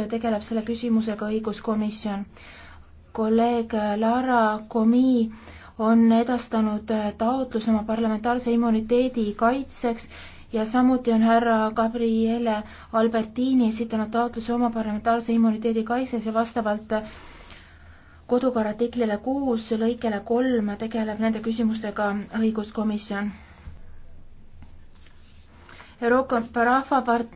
tegeleb selle küsimusega õiguskomisjon. kolleeg Lara Komi on edastanud taotluse oma parlamentaarse immuniteedi kaitseks ja samuti on härra Gabriele Albertini esitanud taotluse oma parlamentaarse immuniteedi kaitseks ja vastavalt kodukorra artiklile kuus lõikele kolm tegeleb nende küsimustega õiguskomisjon. Euroopa Rahvapart-,